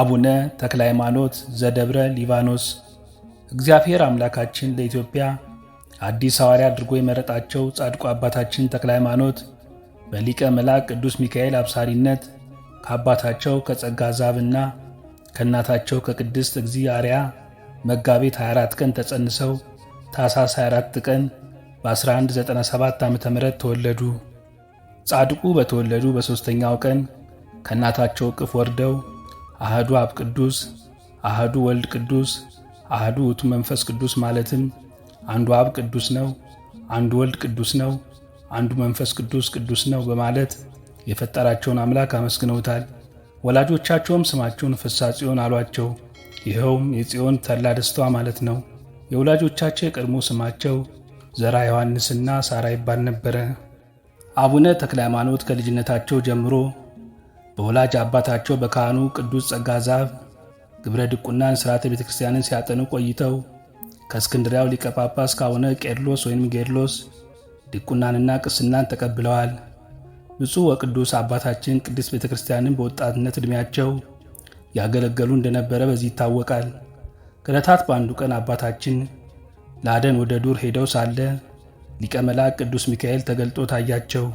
አቡነ ተክለ ሃይማኖት ዘደብረ ሊባኖስ እግዚአብሔር አምላካችን ለኢትዮጵያ አዲስ ሐዋርያ አድርጎ የመረጣቸው ጻድቁ አባታችን ተክለ ሃይማኖት በሊቀ መልአክ ቅዱስ ሚካኤል አብሳሪነት ከአባታቸው ከጸጋ ዛብና ከእናታቸው ከቅድስት እግዚእ አርያ መጋቢት 24 ቀን ተጸንሰው ታኅሳስ 24 ቀን በ1197 ዓ ም ተወለዱ። ጻድቁ በተወለዱ በሦስተኛው ቀን ከእናታቸው እቅፍ ወርደው አህዱ አብ ቅዱስ፣ አህዱ ወልድ ቅዱስ፣ አህዱ ውቱ መንፈስ ቅዱስ ማለትም አንዱ አብ ቅዱስ ነው፣ አንዱ ወልድ ቅዱስ ነው፣ አንዱ መንፈስ ቅዱስ ቅዱስ ነው በማለት የፈጠራቸውን አምላክ አመስግነውታል። ወላጆቻቸውም ስማቸውን ፍሳ ጽዮን አሏቸው። ይኸውም የጽዮን ተላ ደስታዋ ማለት ነው። የወላጆቻቸው የቀድሞ ስማቸው ዘራ ዮሐንስና ሳራ ይባል ነበረ። አቡነ ተክለ ሃይማኖት ከልጅነታቸው ጀምሮ በወላጅ አባታቸው በካህኑ ቅዱስ ጸጋ ዛፍ ግብረ ድቁናን ሥርዓተ ቤተ ክርስቲያንን ሲያጠኑ ቆይተው ከእስክንድሪያው ሊቀ ጳጳስ ካቡነ ቄርሎስ ወይም ጌርሎስ ድቁናንና ቅስናን ተቀብለዋል። ብፁዕ ወቅዱስ አባታችን ቅድስት ቤተ ክርስቲያንን በወጣትነት ዕድሜያቸው ያገለገሉ እንደነበረ በዚህ ይታወቃል። ከዕለታት በአንዱ ቀን አባታችን ለአደን ወደ ዱር ሄደው ሳለ ሊቀ መልአክ ቅዱስ ሚካኤል ተገልጦ ታያቸው።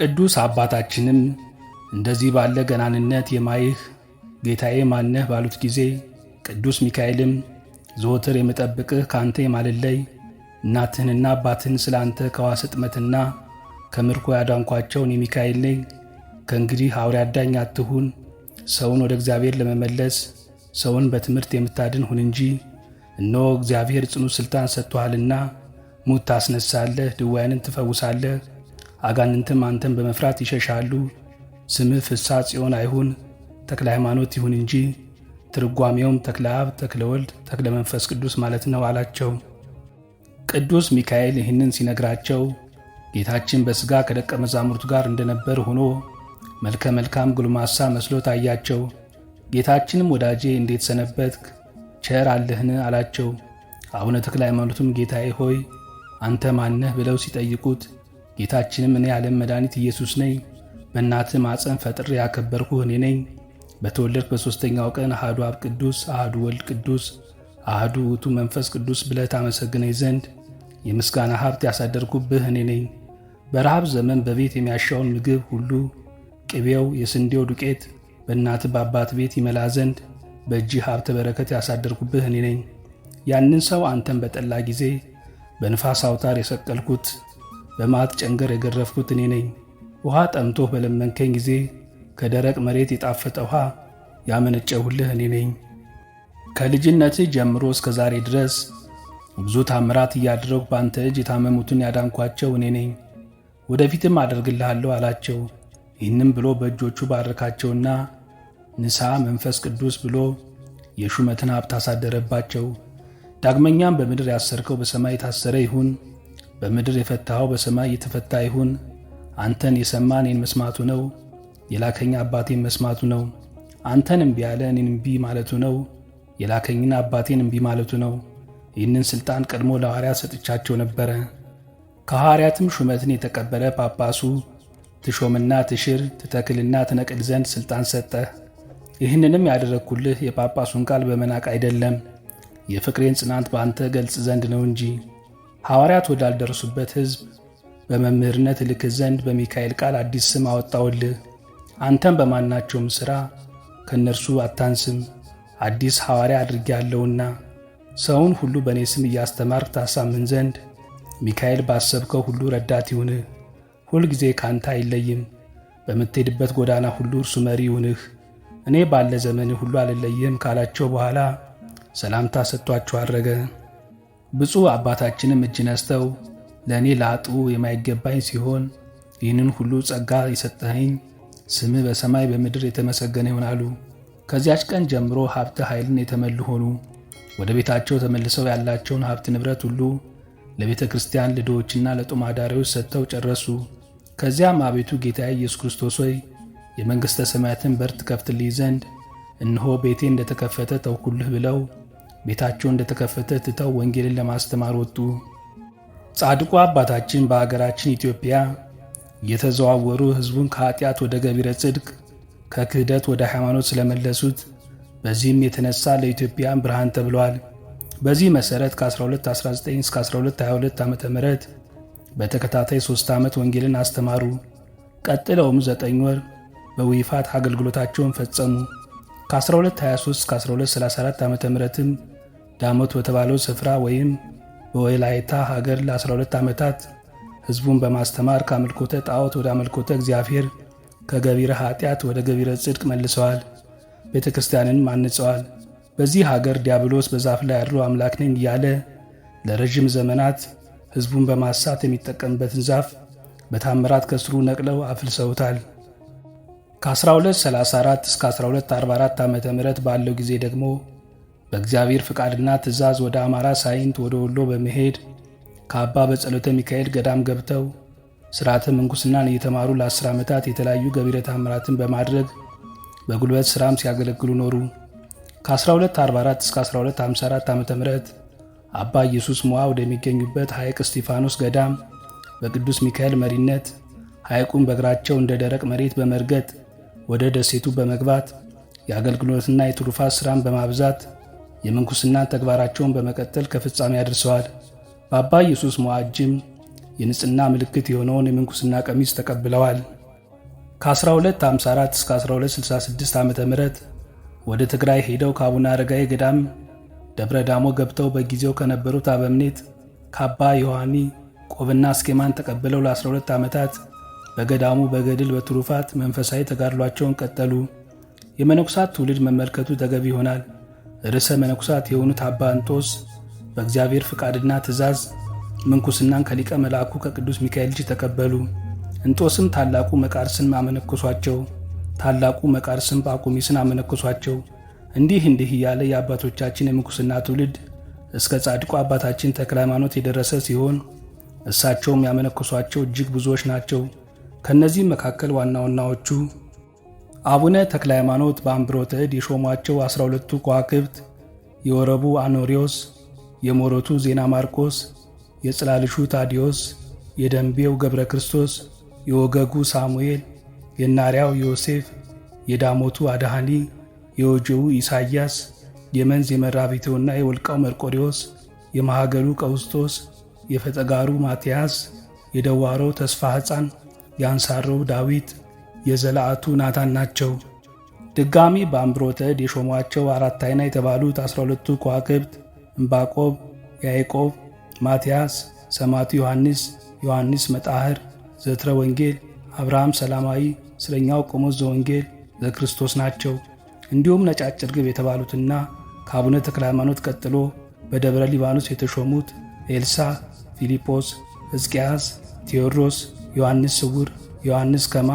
ቅዱስ አባታችንም እንደዚህ ባለ ገናንነት የማይህ ጌታዬ ማነህ ባሉት ጊዜ ቅዱስ ሚካኤልም ዘወትር የምጠብቅህ ከአንተ የማልለይ እናትህንና አባትህን ስለ አንተ ከዋስጥመትና ከምርኮ ያዳንኳቸውን የሚካኤል ነኝ። ከእንግዲህ አውሬ አዳኝ አትሁን፣ ሰውን ወደ እግዚአብሔር ለመመለስ ሰውን በትምህርት የምታድን ሁን እንጂ እነሆ እግዚአብሔር ጽኑ ሥልጣን ሰጥቶሃልና ሙት ታስነሳለህ፣ ድዋያንን ትፈውሳለህ፣ አጋንንትም አንተን በመፍራት ይሸሻሉ ስምህ ፍሳ ጽዮን አይሁን ተክለ ሃይማኖት ይሁን እንጂ ትርጓሜውም ተክለ አብ፣ ተክለ ወልድ፣ ተክለ መንፈስ ቅዱስ ማለት ነው አላቸው። ቅዱስ ሚካኤል ይህንን ሲነግራቸው ጌታችን በሥጋ ከደቀ መዛሙርቱ ጋር እንደነበር ሆኖ መልከ መልካም ጉልማሳ መስሎ ታያቸው። ጌታችንም ወዳጄ እንዴት ሰነበትክ? ቸር አለህን? አላቸው። አቡነ ተክለ ሃይማኖቱም ጌታዬ ሆይ አንተ ማነህ? ብለው ሲጠይቁት ጌታችንም እኔ የዓለም መድኃኒት ኢየሱስ ነኝ በእናት ማፀን ፈጥሬ ያከበርኩ እኔ ነኝ። በተወለድክ በሦስተኛው ቀን አህዱ አብ ቅዱስ፣ አህዱ ወልድ ቅዱስ፣ አህዱ ውቱ መንፈስ ቅዱስ ብለህ ታመሰግነኝ ዘንድ የምስጋና ሀብት ያሳደርኩብህ እኔ ነኝ። በረሃብ ዘመን በቤት የሚያሻውን ምግብ ሁሉ ቅቤው፣ የስንዴው ዱቄት በእናት በአባት ቤት ይመላ ዘንድ በእጅህ ሀብተ በረከት ያሳደርኩብህ እኔ ነኝ። ያንን ሰው አንተን በጠላ ጊዜ በንፋስ አውታር የሰቀልኩት በማት ጨንገር የገረፍኩት እኔ ነኝ። ውሃ ጠምቶህ በለመንከኝ ጊዜ ከደረቅ መሬት የጣፈጠ ውሃ ያመነጨሁልህ እኔ ነኝ። ከልጅነትህ ጀምሮ እስከ ዛሬ ድረስ ብዙ ታምራት እያደረጉ በአንተ እጅ የታመሙትን ያዳንኳቸው እኔ ነኝ። ወደፊትም አደርግልሃለሁ አላቸው። ይህንም ብሎ በእጆቹ ባረካቸውና ንስሐ መንፈስ ቅዱስ ብሎ የሹመትን ሀብት አሳደረባቸው። ዳግመኛም በምድር ያሰርከው በሰማይ የታሰረ ይሁን፣ በምድር የፈታኸው በሰማይ የተፈታ ይሁን አንተን የሰማ እኔን መስማቱ ነው። የላከኝ አባቴን መስማቱ ነው። አንተን እምቢ ያለ እኔን እምቢ ማለቱ ነው። የላከኝን አባቴን እምቢ ማለቱ ነው። ይህንን ሥልጣን ቀድሞ ለሐዋርያት ሰጥቻቸው ነበረ። ከሐዋርያትም ሹመትን የተቀበለ ጳጳሱ ትሾምና ትሽር ትተክልና ትነቅል ዘንድ ሥልጣን ሰጠ። ይህንንም ያደረግኩልህ የጳጳሱን ቃል በመናቅ አይደለም፣ የፍቅሬን ጽናት በአንተ ገልጽ ዘንድ ነው እንጂ ሐዋርያት ወዳልደረሱበት ሕዝብ በመምህርነት ልክ ዘንድ በሚካኤል ቃል አዲስ ስም አወጣውልህ። አንተም በማናቸውም ሥራ ከእነርሱ አታንስም፣ አዲስ ሐዋርያ አድርጌያለሁና ሰውን ሁሉ በእኔ ስም እያስተማርክ ታሳምን ዘንድ ሚካኤል ባሰብከው ሁሉ ረዳት ይሁንህ። ሁልጊዜ ካንተ አይለይም። በምትሄድበት ጎዳና ሁሉ እርሱ መሪ ይሁንህ። እኔ ባለ ዘመን ሁሉ አልለይህም ካላቸው በኋላ ሰላምታ ሰጥቷቸው አረገ። ብፁዕ አባታችንም እጅ ነስተው ለእኔ ላጡ የማይገባኝ ሲሆን ይህንን ሁሉ ጸጋ የሰጠኸኝ ስምህ በሰማይ በምድር የተመሰገነ ይሆናሉ። ከዚያች ቀን ጀምሮ ሀብተ ኃይልን የተመሉ ሆኑ። ወደ ቤታቸው ተመልሰው ያላቸውን ሀብት ንብረት ሁሉ ለቤተ ክርስቲያን ልዶዎችና ለጦም ሰጥተው ጨረሱ። ከዚያም አቤቱ ጌታ ኢየሱስ ክርስቶስ ሆይ የመንግሥተ ሰማያትን በር ትከፍትልኝ ዘንድ እነሆ ቤቴ እንደተከፈተ ተውኩልህ ብለው ቤታቸው እንደተከፈተ ትተው ወንጌልን ለማስተማር ወጡ። ጻድቁ አባታችን በአገራችን ኢትዮጵያ የተዘዋወሩ ሕዝቡን ከኃጢአት ወደ ገቢረ ጽድቅ ከክህደት ወደ ሃይማኖት ስለመለሱት በዚህም የተነሳ ለኢትዮጵያን ብርሃን ተብሏል። በዚህ መሠረት ከ1219 እስከ 1222 ዓ ም በተከታታይ ሦስት ዓመት ወንጌልን አስተማሩ። ቀጥለውም ዘጠኝ ወር በውይፋት አገልግሎታቸውን ፈጸሙ። ከ1223 እስከ 1234 ዓ ምም ዳሞት በተባለው ስፍራ ወይም በወላይታ ሀገር ለ12 ዓመታት ህዝቡን በማስተማር ከአምልኮተ ጣዖት ወደ አምልኮተ እግዚአብሔር ከገቢረ ኃጢአት ወደ ገቢረ ጽድቅ መልሰዋል። ቤተ ክርስቲያንንም አንጸዋል። በዚህ ሀገር ዲያብሎስ በዛፍ ላይ አድሮ አምላክ ነኝ እያለ ለረዥም ዘመናት ህዝቡን በማሳት የሚጠቀምበትን ዛፍ በታምራት ከስሩ ነቅለው አፍልሰውታል። ከ1234 እስከ 1244 ዓ ም ባለው ጊዜ ደግሞ በእግዚአብሔር ፍቃድና ትእዛዝ ወደ አማራ ሳይንት ወደ ወሎ በመሄድ ከአባ በጸሎተ ሚካኤል ገዳም ገብተው ስርዓተ ምንኩስናን እየተማሩ ለአስር ዓመታት የተለያዩ ገቢረ ተአምራትን በማድረግ በጉልበት ሥራም ሲያገለግሉ ኖሩ። ከ1244 እስከ 1254 ዓ ም አባ ኢየሱስ ሞዓ ወደሚገኙበት ሐይቅ እስጢፋኖስ ገዳም በቅዱስ ሚካኤል መሪነት ሐይቁን በእግራቸው እንደ ደረቅ መሬት በመርገጥ ወደ ደሴቱ በመግባት የአገልግሎትና የትሩፋት ሥራን በማብዛት የምንኩስና ተግባራቸውን በመቀጠል ከፍጻሜ አድርሰዋል። በአባ ኢየሱስ መዋጅም የንጽህና ምልክት የሆነውን የምንኩስና ቀሚስ ተቀብለዋል። ከ1254 እስከ 1266 ዓ ም ወደ ትግራይ ሄደው ከአቡነ አረጋዊ ገዳም ደብረ ዳሞ ገብተው በጊዜው ከነበሩት አበምኔት ከአባ ዮሐኒ ቆብና አስኬማን ተቀብለው ለ12 ዓመታት በገዳሙ በገድል በትሩፋት መንፈሳዊ ተጋድሏቸውን ቀጠሉ። የመነኩሳት ትውልድ መመልከቱ ተገቢ ይሆናል። ርዕሰ መነኩሳት የሆኑት አባ እንጦስ በእግዚአብሔር ፍቃድና ትእዛዝ ምንኩስናን ከሊቀ መልአኩ ከቅዱስ ሚካኤል እጅ ተቀበሉ። እንጦስም ታላቁ መቃርስን አመነኮሷቸው። ታላቁ መቃርስም ጳቁሚስን አመነኮሷቸው። እንዲህ እንዲህ እያለ የአባቶቻችን የምንኩስና ትውልድ እስከ ጻድቁ አባታችን ተክለ ሃይማኖት የደረሰ ሲሆን እሳቸውም ያመነኮሷቸው እጅግ ብዙዎች ናቸው። ከእነዚህም መካከል ዋና ዋናዎቹ አቡነ ተክለ ሃይማኖት በአንብሮተ እድ የሾሟቸው 12 ሁለቱ ከዋክብት የወረቡ አኖሪዎስ፣ የሞረቱ ዜና ማርቆስ፣ የጽላልሹ ታዲዮስ፣ የደንቤው ገብረ ክርስቶስ፣ የወገጉ ሳሙኤል፣ የናሪያው ዮሴፍ፣ የዳሞቱ አድሃኒ፣ የወጀው ኢሳያስ፣ የመንዝ የመራቢቴውና የወልቃው መርቆሪዎስ፣ የማሃገሉ ቀውስጦስ፣ የፈጠጋሩ ማትያስ፣ የደዋሮው ተስፋ ሕፃን፣ የአንሳረው ዳዊት የዘላአቱ ናታን ናቸው። ድጋሚ በአምብሮተ እድ የሾሟቸው አራት አይና የተባሉት አስራ ሁለቱ ከዋክብት እምባቆብ፣ ያዕቆብ፣ ማትያስ፣ ሰማቱ ዮሐንስ፣ ዮሐንስ መጣህር፣ ዘትረ ወንጌል፣ አብርሃም ሰላማዊ፣ እስረኛው ቆሞስ ዘወንጌል ለክርስቶስ ናቸው። እንዲሁም ነጫጭ ርግብ የተባሉትና ከአቡነ ተክለ ሃይማኖት ቀጥሎ በደብረ ሊባኖስ የተሾሙት ኤልሳ፣ ፊልጶስ፣ ሕዝቅያስ፣ ቴዎድሮስ፣ ዮሐንስ ስውር፣ ዮሐንስ ከማ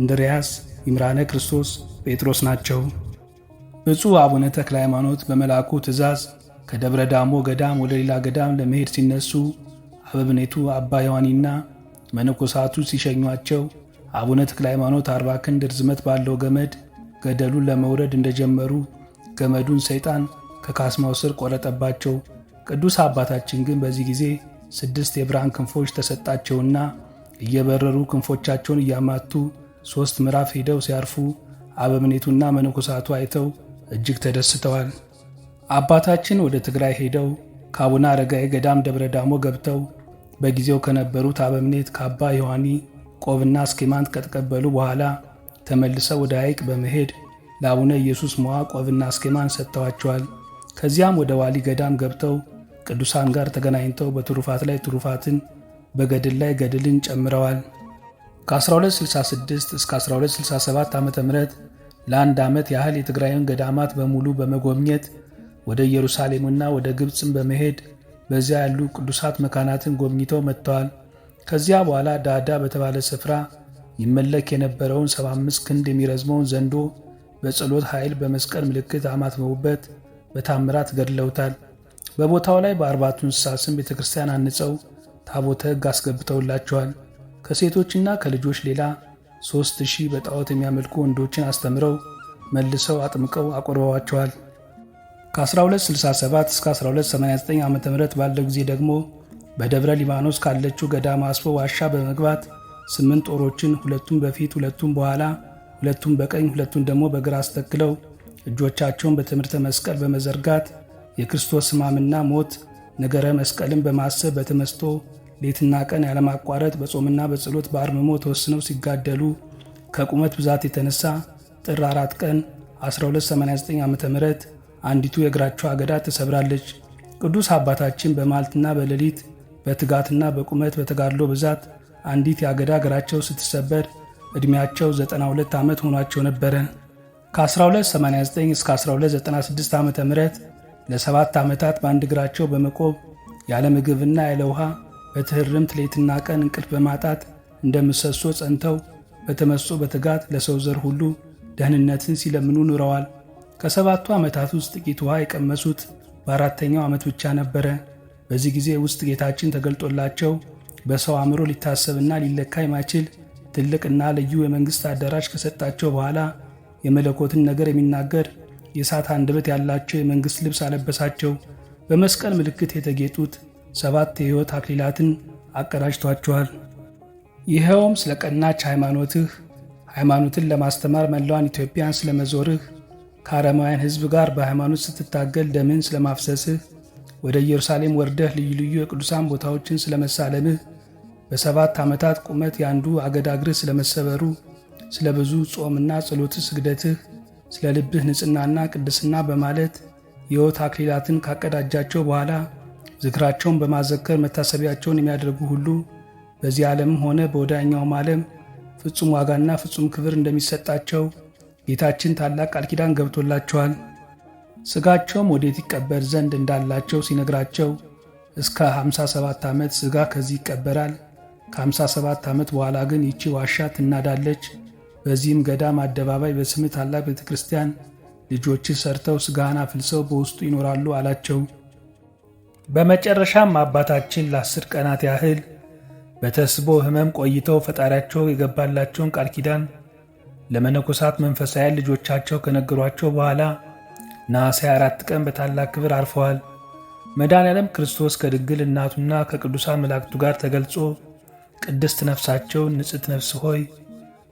እንድርያስ፣ ይምራነ ክርስቶስ፣ ጴጥሮስ ናቸው። ብፁዕ አቡነ ተክለ ሃይማኖት በመልአኩ ትእዛዝ ከደብረ ዳሞ ገዳም ወደ ሌላ ገዳም ለመሄድ ሲነሱ አበብኔቱ አባ ዮሐኒና መነኮሳቱ ሲሸኟቸው አቡነ ተክለ ሃይማኖት አርባ ክንድ ርዝመት ባለው ገመድ ገደሉን ለመውረድ እንደጀመሩ ገመዱን ሰይጣን ከካስማው ስር ቆረጠባቸው። ቅዱስ አባታችን ግን በዚህ ጊዜ ስድስት የብርሃን ክንፎች ተሰጣቸውና እየበረሩ ክንፎቻቸውን እያማቱ ሦስት ምዕራፍ ሄደው ሲያርፉ አበምኔቱና መነኮሳቱ አይተው እጅግ ተደስተዋል። አባታችን ወደ ትግራይ ሄደው ከአቡነ አረጋዊ ገዳም ደብረ ዳሞ ገብተው በጊዜው ከነበሩት አበምኔት ከአባ ዮሐኒ ቆብና እስኬማንት ከተቀበሉ በኋላ ተመልሰው ወደ ሐይቅ በመሄድ ለአቡነ ኢየሱስ ሞዓ ቆብና እስኬማን ሰጥተዋቸዋል። ከዚያም ወደ ዋሊ ገዳም ገብተው ቅዱሳን ጋር ተገናኝተው በትሩፋት ላይ ትሩፋትን፣ በገድል ላይ ገድልን ጨምረዋል። ከ1266 እስከ 1267 ዓ ም ለአንድ ዓመት ያህል የትግራይን ገዳማት በሙሉ በመጎብኘት ወደ ኢየሩሳሌምና ወደ ግብፅም በመሄድ በዚያ ያሉ ቅዱሳት መካናትን ጎብኝተው መጥተዋል። ከዚያ በኋላ ዳዳ በተባለ ስፍራ ይመለክ የነበረውን 75 ክንድ የሚረዝመውን ዘንዶ በጸሎት ኃይል በመስቀል ምልክት አማትመውበት በታምራት ገድለውታል። በቦታው ላይ በአርባቱ እንስሳ ስም ቤተ ክርስቲያን አንጸው ታቦተ ሕግ አስገብተውላቸዋል። ከሴቶችና ከልጆች ሌላ ሦስት ሺህ በጣዖት የሚያመልኩ ወንዶችን አስተምረው መልሰው አጥምቀው አቆርበዋቸዋል። ከ1267 እስከ 1289 ዓ ም ባለው ጊዜ ደግሞ በደብረ ሊባኖስ ካለችው ገዳም አስፎ ዋሻ በመግባት ስምንት ጦሮችን ሁለቱን በፊት ሁለቱን በኋላ ሁለቱን በቀኝ ሁለቱን ደግሞ በግራ አስተክለው እጆቻቸውን በትምህርተ መስቀል በመዘርጋት የክርስቶስ ሕማምና ሞት ነገረ መስቀልን በማሰብ በተመስጦ ሌትና ቀን ያለማቋረጥ በጾምና በጸሎት በአርምሞ ተወስነው ሲጋደሉ ከቁመት ብዛት የተነሳ ጥር አራት ቀን 1289 ዓ ም አንዲቱ የእግራቸው አገዳ ተሰብራለች። ቅዱስ አባታችን በማልትና በሌሊት በትጋትና በቁመት በተጋድሎ ብዛት አንዲት የአገዳ እግራቸው ስትሰበር ዕድሜያቸው 92 ዓመት ሆኗቸው ነበረ። ከ1289 እስከ 1296 ዓ ም ለሰባት ዓመታት በአንድ እግራቸው በመቆብ ያለ ምግብና ያለ ውሃ በትህርምት ሌትና ቀን እንቅልፍ በማጣት እንደ ምሰሶ ጸንተው በተመስጦ በትጋት ለሰው ዘር ሁሉ ደህንነትን ሲለምኑ ኑረዋል። ከሰባቱ ዓመታት ውስጥ ጥቂት ውሃ የቀመሱት በአራተኛው ዓመት ብቻ ነበረ። በዚህ ጊዜ ውስጥ ጌታችን ተገልጦላቸው በሰው አእምሮ ሊታሰብና ሊለካ የማይችል ትልቅና ልዩ የመንግሥት አዳራሽ ከሰጣቸው በኋላ የመለኮትን ነገር የሚናገር የእሳት አንደበት ያላቸው የመንግሥት ልብስ አለበሳቸው። በመስቀል ምልክት የተጌጡት ሰባት የሕይወት አክሊላትን አቀዳጅቷቸዋል። ይኸውም ስለ ቀናች ሃይማኖትህ፣ ሃይማኖትን ለማስተማር መላዋን ኢትዮጵያን ስለመዞርህ ከአረማውያን ሕዝብ ጋር በሃይማኖት ስትታገል ደምን ስለማፍሰስህ ወደ ኢየሩሳሌም ወርደህ ልዩ ልዩ የቅዱሳን ቦታዎችን ስለመሳለምህ በሰባት ዓመታት ቁመት የአንዱ አገዳግርህ ስለመሰበሩ፣ ስለ ብዙ ጾምና ጸሎት ስግደትህ፣ ስለ ልብህ ንጽሕናና ቅድስና በማለት የሕይወት አክሊላትን ካቀዳጃቸው በኋላ ዝክራቸውን በማዘከር መታሰቢያቸውን የሚያደርጉ ሁሉ በዚህ ዓለምም ሆነ በወዳኛውም ዓለም ፍጹም ዋጋና ፍጹም ክብር እንደሚሰጣቸው ጌታችን ታላቅ ቃል ኪዳን ገብቶላቸዋል። ሥጋቸውም ወዴት ይቀበር ዘንድ እንዳላቸው ሲነግራቸው እስከ 57 ዓመት ሥጋ ከዚህ ይቀበራል፣ ከ57 ዓመት በኋላ ግን ይቺ ዋሻ ትናዳለች። በዚህም ገዳም አደባባይ በስምህ ታላቅ ቤተ ክርስቲያን ልጆችህ ሰርተው ሥጋህን አፍልሰው በውስጡ ይኖራሉ አላቸው። በመጨረሻም አባታችን ለአስር ቀናት ያህል በተስቦ ሕመም ቆይተው ፈጣሪያቸው የገባላቸውን ቃል ኪዳን ለመነኮሳት መንፈሳውያን ልጆቻቸው ከነገሯቸው በኋላ ነሐሴ አራት ቀን በታላቅ ክብር አርፈዋል። መድኃኔ ዓለም ክርስቶስ ከድንግል እናቱና ከቅዱሳን መላእክቱ ጋር ተገልጾ ቅድስት ነፍሳቸውን ንጽት ነፍስ ሆይ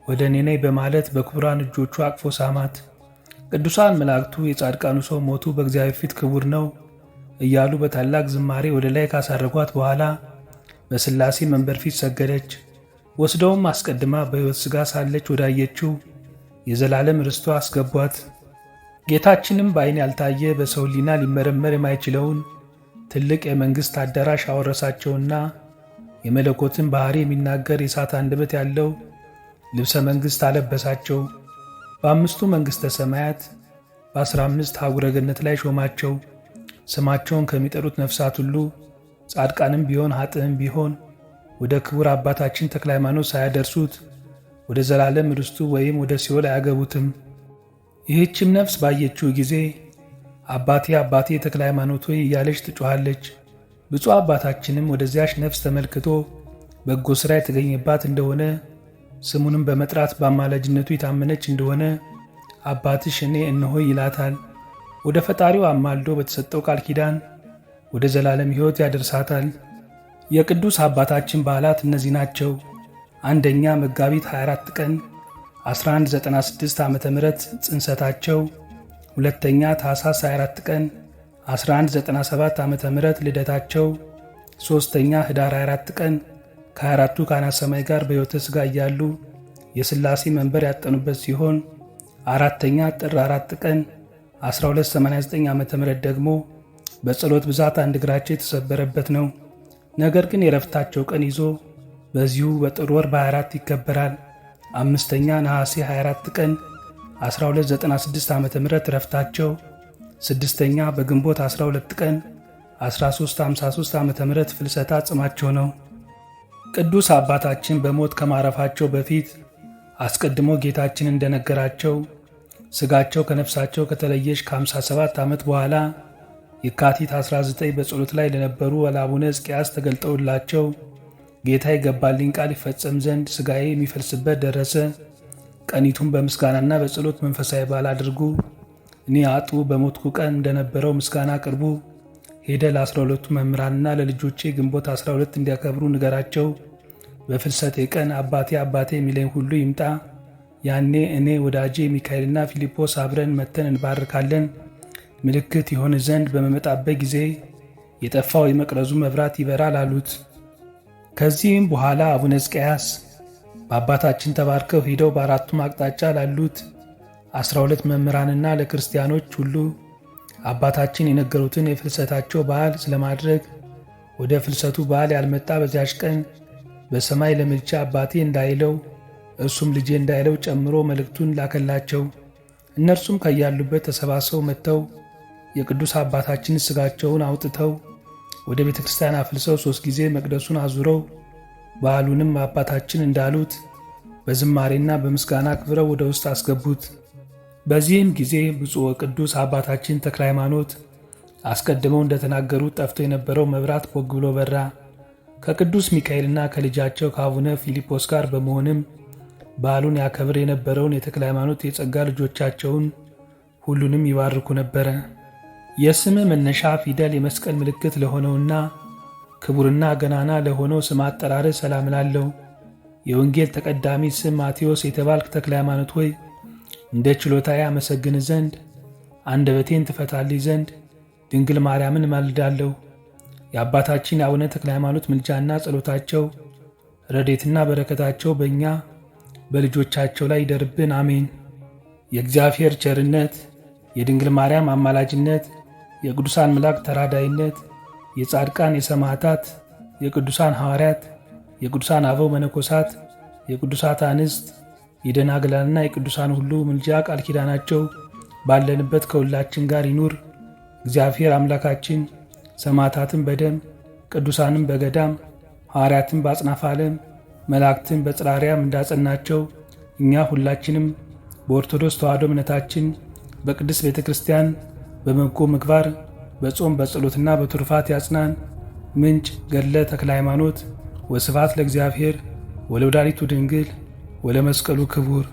ወደ እኔ ነይ በማለት በክቡራን እጆቹ አቅፎ ሳማት። ቅዱሳን መላእክቱ የጻድቃኑ ሰው ሞቱ በእግዚአብሔር ፊት ክቡር ነው እያሉ በታላቅ ዝማሬ ወደ ላይ ካሳረጓት በኋላ በሥላሴ መንበር ፊት ሰገደች። ወስደውም አስቀድማ በሕይወት ሥጋ ሳለች ወዳየችው የዘላለም ርስቷ አስገቧት። ጌታችንም በዐይን ያልታየ በሰው ሊና ሊመረመር የማይችለውን ትልቅ የመንግሥት አዳራሽ አወረሳቸውና የመለኮትን ባሕሪ የሚናገር የእሳት አንደበት ያለው ልብሰ መንግሥት አለበሳቸው። በአምስቱ መንግሥተ ሰማያት በአስራ አምስት ሀጉረ ገነት ላይ ሾማቸው። ስማቸውን ከሚጠሩት ነፍሳት ሁሉ ጻድቃንም ቢሆን ኃጥእም ቢሆን ወደ ክቡር አባታችን ተክለ ሃይማኖት ሳያደርሱት ወደ ዘላለም ርስቱ ወይም ወደ ሲኦል አያገቡትም። ይህችም ነፍስ ባየችው ጊዜ አባቴ አባቴ ተክለ ሃይማኖት ሆይ እያለች ትጮሃለች። ብፁዕ አባታችንም ወደዚያች ነፍስ ተመልክቶ በጎ ሥራ የተገኘባት እንደሆነ ስሙንም በመጥራት በአማላጅነቱ የታመነች እንደሆነ አባትሽ እኔ እነሆይ ይላታል። ወደ ፈጣሪው አማልዶ በተሰጠው ቃል ኪዳን ወደ ዘላለም ሕይወት ያደርሳታል። የቅዱስ አባታችን በዓላት እነዚህ ናቸው። አንደኛ መጋቢት 24 ቀን 1196 ዓ ም ጽንሰታቸው፣ ሁለተኛ ታኅሳስ 24 ቀን 1197 ዓ ም ልደታቸው፣ ሦስተኛ ኅዳር 24 ቀን ከ24ቱ ካህናተ ሰማይ ጋር በሕይወተ ሥጋ እያሉ የሥላሴ መንበር ያጠኑበት ሲሆን አራተኛ ጥር 4 ቀን 1289 ዓ ም ደግሞ በጸሎት ብዛት አንድ እግራቸው የተሰበረበት ነው። ነገር ግን የረፍታቸው ቀን ይዞ በዚሁ በጥር ወር በ24 ይከበራል። አምስተኛ ነሐሴ 24 ቀን 1296 ዓ ም ረፍታቸው። ስድስተኛ በግንቦት 12 ቀን 1353 ዓ ም ፍልሰታ ጽማቸው ነው። ቅዱስ አባታችን በሞት ከማረፋቸው በፊት አስቀድሞ ጌታችን እንደነገራቸው ሥጋቸው ከነፍሳቸው ከተለየች ከ57 ዓመት በኋላ የካቲት 19 በጸሎት ላይ ለነበሩ ለአቡነ ሕዝቅያስ ተገልጠውላቸው ጌታ የገባልኝ ቃል ይፈጸም ዘንድ ሥጋዬ የሚፈልስበት ደረሰ። ቀኒቱን በምስጋናና በጸሎት መንፈሳዊ በዓል አድርጉ። እኔ አጡ በሞትኩ ቀን እንደነበረው ምስጋና አቅርቡ። ሄደ ለ12ቱ መምህራንና ለልጆቼ ግንቦት 12 እንዲያከብሩ ንገራቸው። በፍልሰቴ ቀን አባቴ አባቴ የሚለኝ ሁሉ ይምጣ ያኔ እኔ ወዳጄ ሚካኤልና ፊልጶስ አብረን መተን እንባርካለን ምልክት ይሆን ዘንድ በመመጣበት ጊዜ የጠፋው የመቅረዙ መብራት ይበራል አሉት። ከዚህም በኋላ አቡነ ሕዝቅያስ በአባታችን ተባርከው ሄደው በአራቱም አቅጣጫ ላሉት አስራ ሁለት መምህራንና ለክርስቲያኖች ሁሉ አባታችን የነገሩትን የፍልሰታቸው በዓል ስለማድረግ ወደ ፍልሰቱ በዓል ያልመጣ በዚያች ቀን በሰማይ ለምልቻ አባቴ እንዳይለው እርሱም ልጄ እንዳይለው ጨምሮ መልእክቱን ላከላቸው። እነርሱም ከያሉበት ተሰባስበው መጥተው የቅዱስ አባታችን ሥጋቸውን አውጥተው ወደ ቤተ ክርስቲያን አፍልሰው ሦስት ጊዜ መቅደሱን አዙረው በዓሉንም አባታችን እንዳሉት በዝማሬና በምስጋና አክብረው ወደ ውስጥ አስገቡት። በዚህም ጊዜ ብፁዕ ቅዱስ አባታችን ተክለ ሃይማኖት አስቀድመው እንደተናገሩት ጠፍቶ የነበረው መብራት ቦግ ብሎ በራ። ከቅዱስ ሚካኤልና ከልጃቸው ከአቡነ ፊልጶስ ጋር በመሆንም በዓሉን ያከብር የነበረውን የተክለ ሃይማኖት የጸጋ ልጆቻቸውን ሁሉንም ይባርኩ ነበረ። የስም መነሻ ፊደል የመስቀል ምልክት ለሆነውና ክቡርና ገናና ለሆነው ስም አጠራር ሰላም ላለው የወንጌል ተቀዳሚ ስም ማቴዎስ የተባልክ ተክለ ሃይማኖት ሆይ እንደ ችሎታ ያመሰግን ዘንድ አንደበቴን ትፈታልኝ ዘንድ ድንግል ማርያምን ማልዳለሁ። የአባታችን አቡነ ተክለ ሃይማኖት ምልጃና ጸሎታቸው ረዴትና በረከታቸው በእኛ በልጆቻቸው ላይ ይደርብን፣ አሜን። የእግዚአብሔር ቸርነት፣ የድንግል ማርያም አማላጅነት፣ የቅዱሳን ምላክ ተራዳይነት፣ የጻድቃን የሰማዕታት፣ የቅዱሳን ሐዋርያት፣ የቅዱሳን አበው መነኮሳት፣ የቅዱሳት አንስት፣ የደናግላንና የቅዱሳን ሁሉ ምልጃ ቃል ኪዳናቸው ባለንበት ከሁላችን ጋር ይኑር። እግዚአብሔር አምላካችን ሰማዕታትን በደም ቅዱሳንም በገዳም ሐዋርያትን በአጽናፈ ዓለም መላእክትን በጽራሪያም እንዳጸናቸው እኛ ሁላችንም በኦርቶዶክስ ተዋሕዶ እምነታችን በቅድስት ቤተ ክርስቲያን በበጎ ምግባር በጾም በጸሎትና በትሩፋት ያጽናን። ምንጭ ገድለ ተክለ ሃይማኖት። ወስፋት ለእግዚአብሔር ወለወላዲቱ ድንግል ወለመስቀሉ ክቡር